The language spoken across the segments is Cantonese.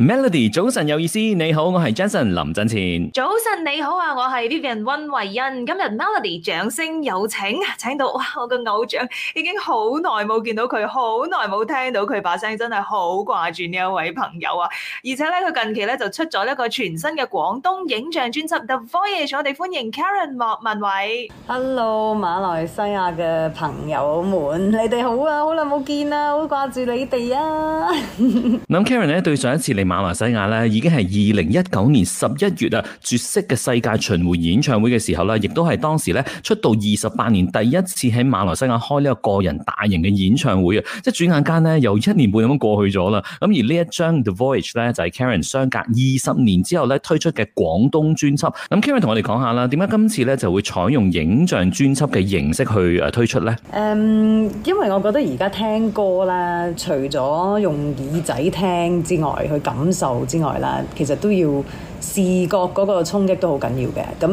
Melody 早晨有意思。你好，我係 Jason 林振前，早晨你好啊，我係 Vivian 溫慧欣。今日 Melody 掌聲有請，請到哇，我個偶像已經好耐冇見到佢，好耐冇聽到佢把聲，真係好掛住呢一位朋友啊！而且咧，佢近期咧就出咗一個全新嘅廣東影像專輯《The Voyage》，我哋歡迎 Karen 莫文蔚。Hello，馬來西亞嘅朋友們，你哋好啊，好耐冇見啦，好掛住你哋啊！咁 Karen 咧對上一次你。馬來西亞咧，已經係二零一九年十一月啊，絕色嘅世界巡迴演唱會嘅時候咧，亦都係當時咧出道二十八年第一次喺馬來西亞開呢個個人大型嘅演唱會啊！即係轉眼間咧，又一年半咁樣過去咗啦。咁而呢一張 The Voyage 咧，就係、是、Karen 相隔二十年之後咧推出嘅廣東專輯。咁 Karen 同我哋講下啦，點解今次咧就會採用影像專輯嘅形式去誒推出咧？誒，um, 因為我覺得而家聽歌咧，除咗用耳仔聽之外，去感受之外啦，其實都要視覺嗰個衝擊都好緊要嘅。咁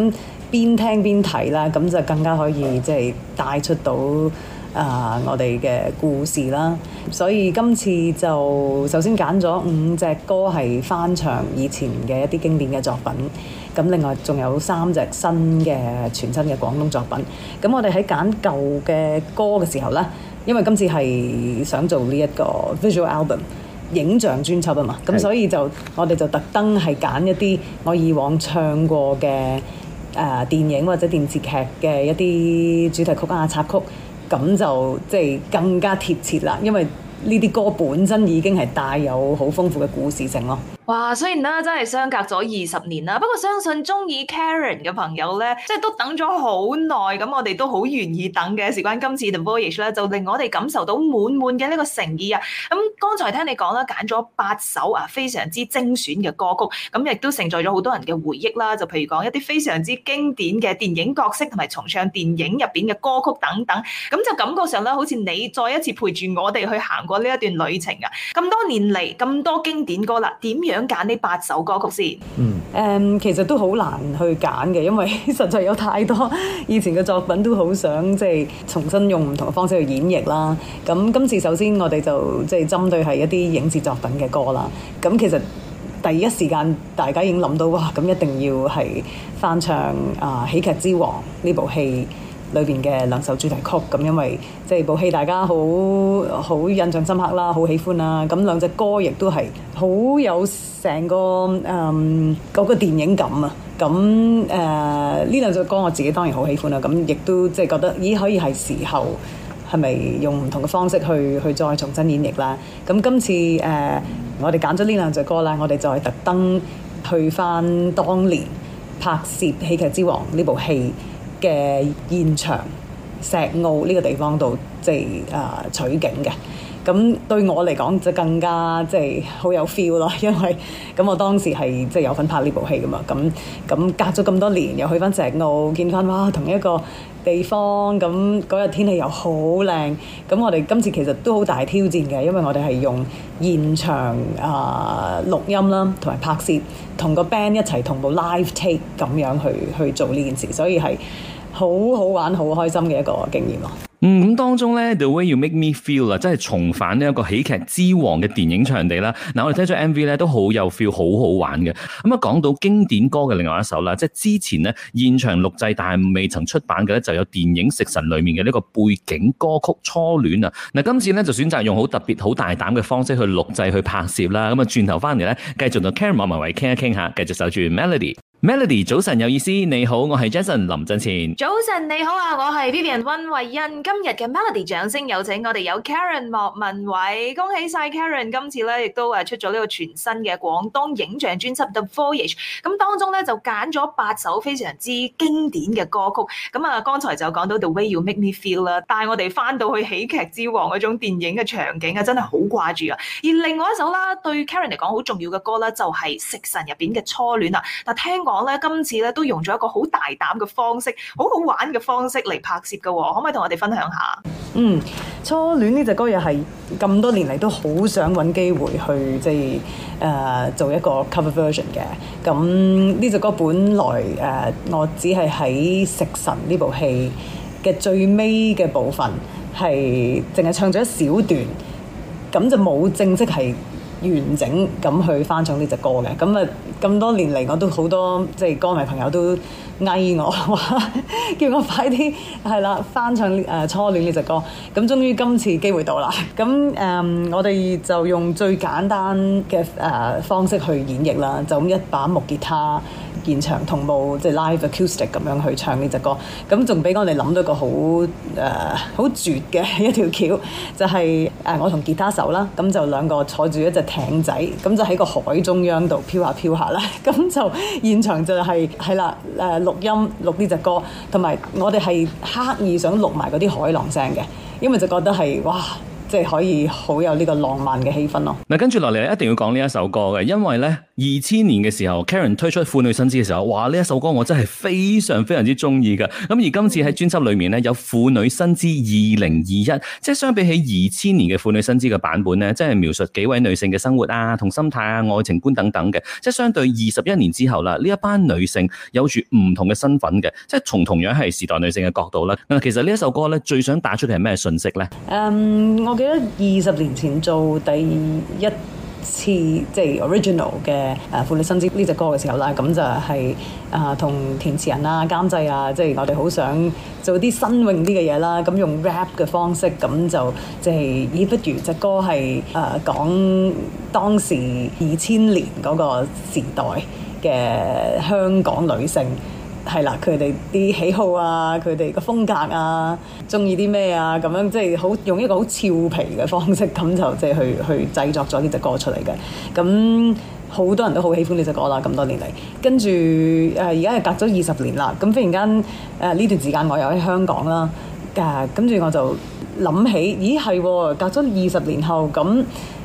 邊聽邊睇啦，咁就更加可以即係帶出到啊我哋嘅故事啦。所以今次就首先揀咗五隻歌係翻唱以前嘅一啲經典嘅作品，咁另外仲有三隻新嘅全新嘅廣東作品。咁我哋喺揀舊嘅歌嘅時候咧，因為今次係想做呢一個 visual album。影像專輯啊嘛，咁的所以就我哋就特登係揀一啲我以往唱過嘅誒、呃、電影或者電視劇嘅一啲主題曲啊插曲，咁就即係、就是、更加貼切啦，因為呢啲歌本身已經係帶有好豐富嘅故事性咯。哇！雖然啦，真係相隔咗二十年啦，不過相信中意 Karen 嘅朋友咧，即係都等咗好耐，咁我哋都好願意等嘅。事關今次 The Voyage 咧，就令我哋感受到滿滿嘅呢個誠意啊！咁、嗯、剛才聽你講啦，揀咗八首啊非常之精選嘅歌曲，咁亦都承載咗好多人嘅回憶啦。就譬如講一啲非常之經典嘅電影角色同埋重唱電影入邊嘅歌曲等等，咁、嗯、就感覺上咧好似你再一次陪住我哋去行過呢一段旅程啊！咁多年嚟咁多經典歌啦，點樣？想揀呢八首歌曲先，嗯，其實都好難去揀嘅，因為實在有太多以前嘅作品都好想即係重新用唔同嘅方式去演繹啦。咁、嗯、今次首先我哋就即係針對係一啲影視作品嘅歌啦。咁、嗯、其實第一時間大家已經諗到哇，咁、嗯、一定要係翻唱啊、呃《喜劇之王》呢部戲裏邊嘅兩首主題曲咁，因為即係部戲大家好好印象深刻啦，好喜歡啦。咁兩隻歌亦都係好有成個誒嗰、嗯嗰個電影感啊。咁誒呢兩隻歌我自己當然好喜歡啦。咁亦都即係覺得咦可以係時候係咪用唔同嘅方式去去再重新演繹啦？咁今次誒、呃、我哋揀咗呢兩隻歌啦，我哋就係特登去返當年拍攝《喜劇之王》呢部戲。嘅現場石澳呢個地方度即係啊取景嘅，咁對我嚟講就更加即係、就是、好有 feel 咯，因為咁我當時係即係有份拍呢部戲㗎嘛，咁咁隔咗咁多年又去返石澳見返哇同一個地方，咁嗰日天氣又好靚，咁我哋今次其實都好大挑戰嘅，因為我哋係用現場啊、呃、錄音啦，同埋拍攝同個 band 一齊同步 live take 咁樣去去做呢件事，所以係。好好玩、好開心嘅一個經驗咯。嗯，咁當中咧，The Way You Make Me Feel 啊，即係重返呢一個喜劇之王嘅電影場地啦。嗱、嗯，我哋睇咗 M V 咧都好有 feel，好好玩嘅。咁、嗯、啊，講到經典歌嘅另外一首啦，即係之前呢現場錄製但係未曾出版嘅咧，就有電影食神裡面嘅呢個背景歌曲《初戀》啊。嗱，今次咧就選擇用好特別、好大膽嘅方式去錄製、去拍攝啦。咁、嗯、啊，轉頭翻嚟咧，繼續同 Karen 馬文慧傾一傾下，繼續守住 Melody。Melody 早晨有意思，你好，我係 Jason 林振前。早晨你好啊，我係 Vivian 溫慧欣。今日嘅 Melody 掌聲有請我哋有 Karen 莫文蔚，恭喜晒 Karen 今次咧，亦都誒出咗呢個全新嘅廣東影像專輯 The Voyage。咁、嗯、當中咧就揀咗八首非常之經典嘅歌曲。咁、嗯、啊，剛才就講到 The Way You Make Me Feel 啦，帶我哋翻到去喜劇之王嗰種電影嘅場景啊，真係好掛住啊。而另外一首啦，對 Karen 嚟講好重要嘅歌咧，就係、是、食神入邊嘅初戀啦。嗱，聽。講咧，今次咧都用咗一個好大膽嘅方式，好好玩嘅方式嚟拍攝嘅，可唔可以同我哋分享下？嗯，初戀呢隻歌又係咁多年嚟都好想揾機會去即係誒、呃、做一個 cover version 嘅。咁呢隻歌本來誒、呃、我只係喺《食神》呢部戲嘅最尾嘅部分係淨係唱咗一小段，咁就冇正式係。完整咁去翻唱呢隻歌嘅，咁啊咁多年嚟我都好多即係歌迷朋友都嗌我，叫我快啲係啦翻唱誒、呃、初戀呢隻歌，咁終於今次機會到啦，咁誒、呃、我哋就用最簡單嘅誒、呃、方式去演繹啦，就咁一把木吉他。現場同步即係、就是、live acoustic 咁樣去唱呢隻歌，咁仲俾我哋諗到一個好誒好絕嘅一條橋，就係、是、誒、呃、我同吉他手啦，咁就兩個坐住一隻艇仔，咁就喺個海中央度漂下漂下啦，咁就現場就係、是、係啦誒、呃、錄音錄呢隻歌，同埋我哋係刻意想錄埋嗰啲海浪聲嘅，因為就覺得係哇～即係可以好有呢個浪漫嘅氣氛咯、啊。嗱、嗯，跟住落嚟一定要講呢一首歌嘅，因為呢，二千年嘅時候，Karen 推出《婦女新姿》嘅時候，哇，呢一首歌我真係非常非常之中意嘅。咁、嗯、而今次喺專輯裏面呢，有《婦女新姿二零二一》，即係相比起二千年嘅《婦女新姿》嘅版本呢，即係描述幾位女性嘅生活啊、同心態啊、愛情觀等等嘅，即係相對二十一年之後啦，呢一班女性有住唔同嘅身份嘅，即係從同，同樣係時代女性嘅角度啦。嗯、其實呢一首歌呢，最想打出嘅係咩信息呢？誒，um, 我記得二十年前做第一次即係 original 嘅。誒、啊，《婦女新姿》呢隻歌嘅時候啦，咁就係啊，同填詞人啊、監製啊，即係我哋好想做啲新穎啲嘅嘢啦。咁、啊、用 rap 嘅方式，咁就即係依不如隻歌係誒、啊、講當時二千年嗰個時代嘅香港女性。係啦，佢哋啲喜好啊，佢哋個風格啊，中意啲咩啊，咁樣即係好用一個好俏皮嘅方式，咁就即係去去製作咗呢隻歌出嚟嘅。咁、嗯、好多人都好喜歡呢隻歌啦，咁多年嚟。跟住誒，而家係隔咗二十年啦，咁、嗯、忽然間誒呢、呃、段時間我又喺香港啦，誒、啊，跟住我就諗起，咦係，隔咗二十年後，咁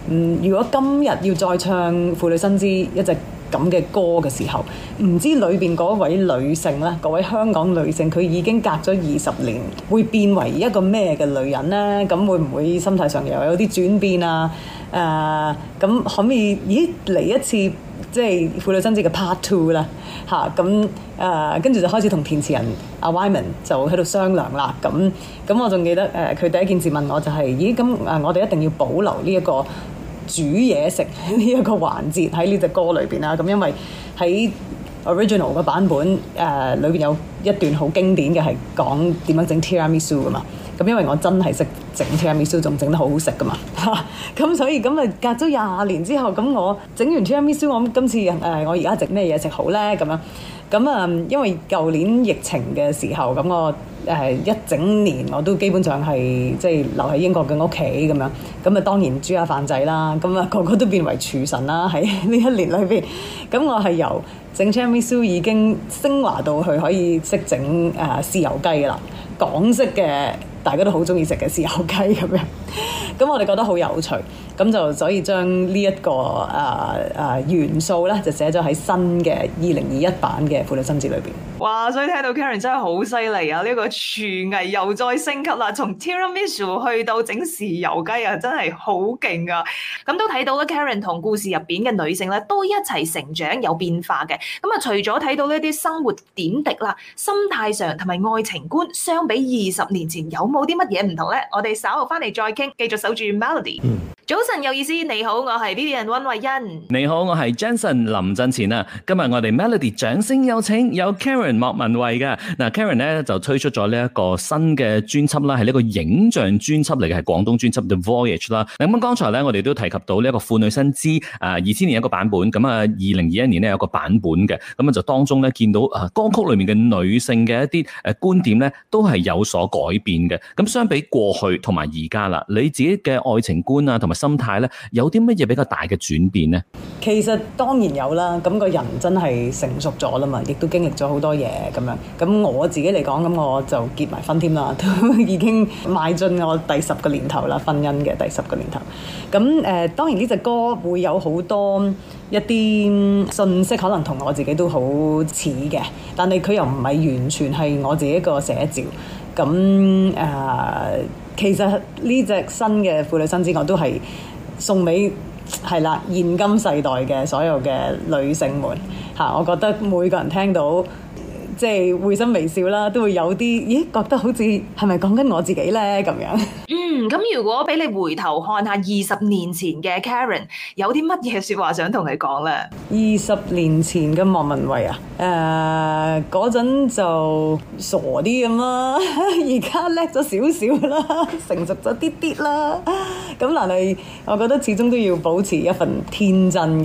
嗯，如果今日要再唱《婦女新知》。一隻。咁嘅歌嘅時候，唔知裏邊嗰位女性咧，嗰位香港女性，佢已經隔咗二十年，會變為一個咩嘅女人呢？咁會唔會心態上又有啲轉變啊？誒、呃，咁可唔可以？咦，嚟一次即係婦女新知嘅 part two 啦，嚇、啊！咁、啊、誒，跟住就開始同填詞人阿、啊、Wyman 就喺度商量啦。咁咁，我仲記得誒，佢、呃、第一件事問我就係、是：咦，咁誒，我哋一定要保留呢、這、一個。煮嘢食呢一個環節喺呢隻歌裏邊啦，咁、嗯、因為喺 original 嘅版本誒裏邊有一段好經典嘅係講點樣整 tiramisu 啊嘛，咁、嗯、因為我真係識整 tiramisu，仲整得好好食噶嘛，咁、啊嗯、所以咁啊、嗯、隔咗廿年之後，咁、嗯、我整完 tiramisu，我今次誒、呃、我而家整咩嘢食好呢？咁樣咁啊，因為舊年疫情嘅時候咁、嗯、我。誒一整年我都基本上係即係留喺英國嘅屋企咁樣，咁啊當然煮下飯仔啦，咁啊個個都變為廚神啦喺呢一年裏邊，咁我係由整炒米須已經升華到去可以識整誒豉油雞啦，港式嘅大家都好鍾意食嘅豉油雞咁樣，咁我哋覺得好有趣，咁就所以將呢一個誒誒元素咧就寫咗喺新嘅二零二一版嘅婦女心事裏邊。哇！所以聽到 Karen 真係好犀利啊！呢、呢個廚藝又再升級啦，從 Tiramisu 去到整豉油雞啊，真係好勁啊！咁、嗯、都睇到咧，Karen 同故事入邊嘅女性咧，都一齊成長有變化嘅。咁、嗯、啊，除咗睇到呢啲生活點滴啦，心態上同埋愛情觀，相比二十年前有冇啲乜嘢唔同咧？我哋稍後翻嚟再傾，繼續守住 Melody。嗯早晨有意思，你好，我係呢邊人温慧欣。你好，我係 Jason 林振前啊。今日我哋 Melody 掌聲有請有 Karen 莫文蔚嘅嗱。Karen 咧就推出咗呢一個新嘅專輯啦，係呢個影像專輯嚟嘅，係廣東專輯 The Voyage 啦。咁剛才咧我哋都提及到呢一個婦女新知啊，二千年一個版本，咁啊二零二一年咧有個版本嘅，咁啊就當中咧見到啊歌曲裏面嘅女性嘅一啲誒觀點咧都係有所改變嘅。咁相比過去同埋而家啦，你自己嘅愛情觀啊，同埋心態咧有啲乜嘢比較大嘅轉變呢？其實當然有啦，咁個人真係成熟咗啦嘛，亦都經歷咗好多嘢咁樣。咁我自己嚟講，咁我就結埋婚添啦，都已經邁進我第十個年頭啦，婚姻嘅第十個年頭。咁誒、呃，當然呢隻歌會有好多。一啲信息可能同我自己都好似嘅，但係佢又唔係完全係我自己一個寫照。咁誒、呃，其實呢隻新嘅婦女新姿我都係送俾係啦現今世代嘅所有嘅女性們吓、啊，我覺得每個人聽到即係會心微笑啦，都會有啲咦覺得好似係咪講緊我自己咧咁樣。嗯，咁如果俾你回頭看下二十年前嘅 Karen，有啲乜嘢說話想同你講呢？二十年前嘅莫文蔚啊，誒嗰陣就傻啲咁啦，而家叻咗少少啦，成熟咗啲啲啦。咁但係，我覺得始終都要保持一份天真嘅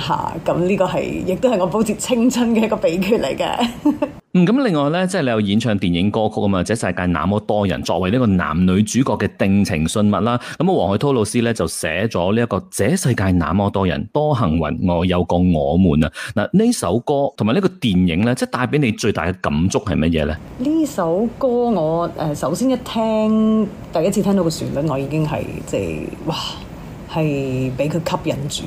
吓，咁 呢個係亦都係我保持青春嘅一個秘訣嚟嘅。 嗯，咁另外呢，即係你有演唱電影歌曲啊嘛，這世界那麼多人，作為呢個男女主角嘅定情信物啦。咁啊，黃海濤老師呢，就寫咗呢一個《這世界那麼多人》，多幸運我有個我們啊！嗱，呢首歌同埋呢個電影呢，即係帶俾你最大嘅感觸係乜嘢呢？呢首歌我誒，首先一聽，第一次聽到個旋律，我已經係即係哇，係俾佢吸引住。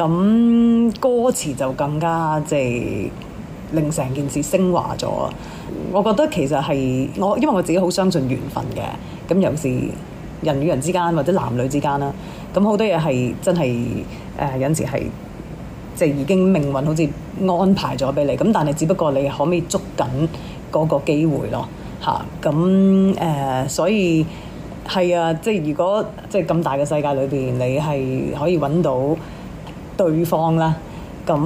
咁歌詞就更加即係。令成件事升華咗，我覺得其實係我因為我自己好相信緣分嘅，咁有時人與人之間或者男女之間啦，咁好多嘢係真係誒、呃、有時係即係已經命運好似安排咗俾你，咁但係只不過你可唔可以捉緊嗰個機會咯，嚇咁誒，所以係啊，即係如果即係咁大嘅世界裏邊，你係可以揾到對方啦。咁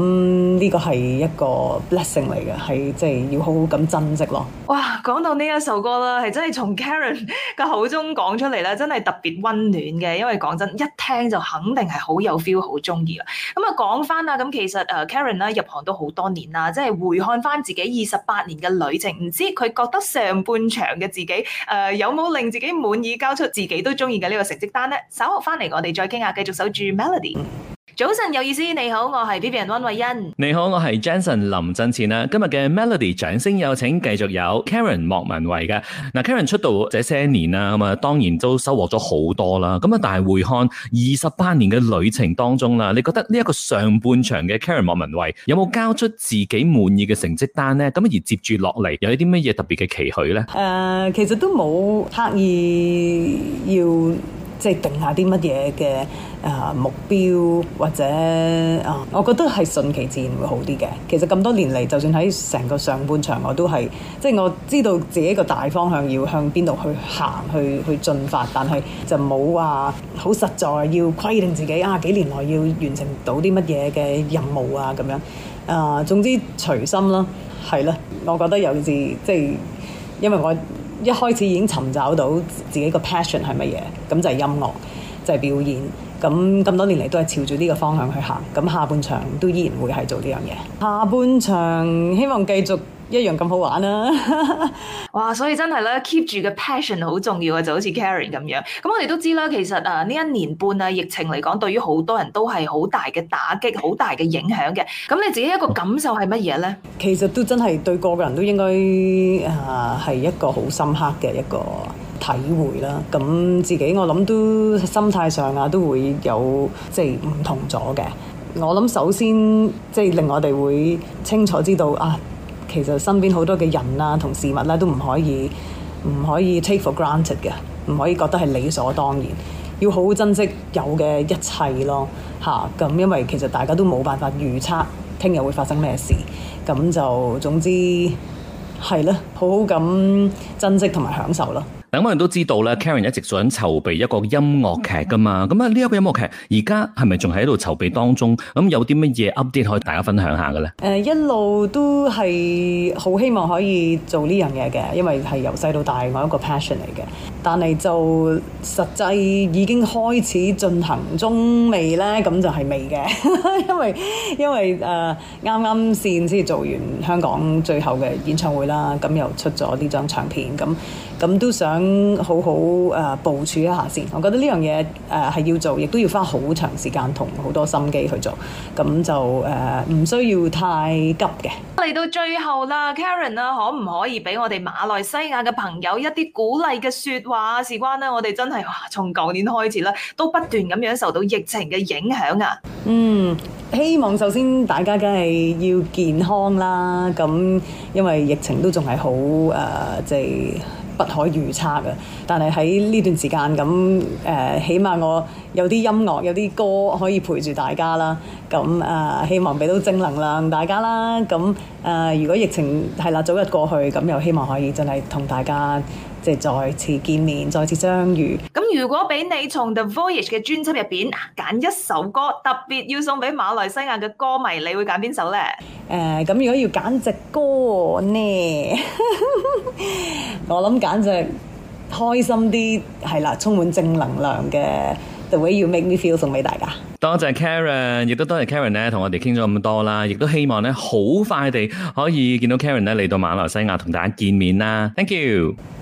呢個係一個 blessing 嚟嘅，係即係要好好咁珍惜咯。哇，講到呢一首歌啦，係真係從 Karen 嘅口中講出嚟啦，真係特別溫暖嘅。因為講真，一聽就肯定係好有 feel，好中意啦。咁、嗯、啊，講翻啊，咁其實啊，Karen 咧入行都好多年啦，即係回看翻自己二十八年嘅旅程，唔知佢覺得上半場嘅自己誒、呃、有冇令自己滿意交出自己都中意嘅呢個成績單呢？稍後翻嚟我哋再傾下，繼續守住 Melody。嗯早晨有意思，你好，我係 B B n 安慧欣。你好，我係 Janson 林振前啊。今日嘅 Melody 掌聲有請繼續有 Karen 莫文蔚嘅嗱。Karen 出道這些年啦，咁啊，當然都收穫咗好多啦。咁啊，但係回看二十八年嘅旅程當中啦、啊，你覺得呢一個上半場嘅 Karen 莫文蔚有冇交出自己滿意嘅成績單呢？咁而接住落嚟又有啲乜嘢特別嘅期許呢？誒，uh, 其實都冇刻意要。即係定下啲乜嘢嘅啊目標，或者啊，我覺得係順其自然會好啲嘅。其實咁多年嚟，就算喺成個上半場，我都係即係我知道自己個大方向要向邊度去行，去去進發，但係就冇話好實在要規定自己啊幾年內要完成到啲乜嘢嘅任務啊咁樣。啊。總之隨心啦，係啦，我覺得有時即係因為我。一開始已經尋找到自己個 passion 係乜嘢，咁就係音樂，就係表演。咁咁多年嚟都係朝住呢個方向去行。咁下半場都依然會係做呢樣嘢。下半場希望繼續。一樣咁好玩啦、啊！ 哇，所以真係咧，keep 住嘅 passion 好重要啊，就好似 Carrie 咁樣。咁我哋都知啦，其實啊，呢一年半啊，疫情嚟講，對於好多人都係好大嘅打擊，好大嘅影響嘅。咁你自己一個感受係乜嘢呢？其實都真係對個個人都應該啊，係一個好深刻嘅一個體會啦。咁自己我諗都心態上啊，都會有即係唔同咗嘅。我諗首先即係、就是、令我哋會清楚知道啊。其實身邊好多嘅人啊，同事物咧、啊、都唔可以，唔可以 take for granted 嘅，唔可以覺得係理所當然，要好好珍惜有嘅一切咯，嚇、啊、咁、嗯、因為其實大家都冇辦法預測聽日會發生咩事，咁、嗯、就總之係啦，好好咁珍惜同埋享受咯。等我哋都知道咧，Karen 一直想籌備一個音樂劇㗎嘛，咁啊呢一個音樂劇而家係咪仲喺度籌備當中？咁有啲乜嘢 update 可以大家分享下嘅咧？誒、uh, 一路都係好希望可以做呢樣嘢嘅，因為係由細到大我一個 passion 嚟嘅。但係就實際已經開始進行中未咧？咁就係未嘅，因為因為誒啱啱線先做完香港最後嘅演唱會啦，咁又出咗呢張唱片，咁咁都想。咁好好誒、呃、部署一下先，我覺得呢樣嘢誒係要做，亦都要花好長時間同好多心機去做，咁就誒唔、呃、需要太急嘅。嚟到、到最後啦，Karen 啊，可唔可以俾我哋馬來西亞嘅朋友一啲鼓勵嘅説話？事關呢，我哋真係從舊年開始啦，都不斷咁樣受到疫情嘅影響啊。嗯，希望首先大家梗係要健康啦，咁、嗯、因為疫情都仲係好誒，即係。不可預測嘅，但係喺呢段時間咁誒，起碼我有啲音樂有啲歌可以陪住大家啦。咁、嗯、啊，希望俾到正能量大家啦。咁、嗯、誒、嗯，如果疫情係啦，早日過去，咁、嗯、又希望可以真係同大家。我哋再次見面，再次相遇。咁如果俾你從 The Voyage 嘅專輯入邊揀一首歌，特別要送俾馬來西亞嘅歌迷，你會揀邊首呢？誒、呃，咁如果要揀隻歌呢 我諗揀隻開心啲，係啦，充滿正能量嘅 The Way You Make Me Feel 送俾大家。多謝 Karen，亦都多謝 Karen 咧，同我哋傾咗咁多啦，亦都希望咧好快地可以見到 Karen 咧嚟到馬來西亞同大家見面啦。Thank you。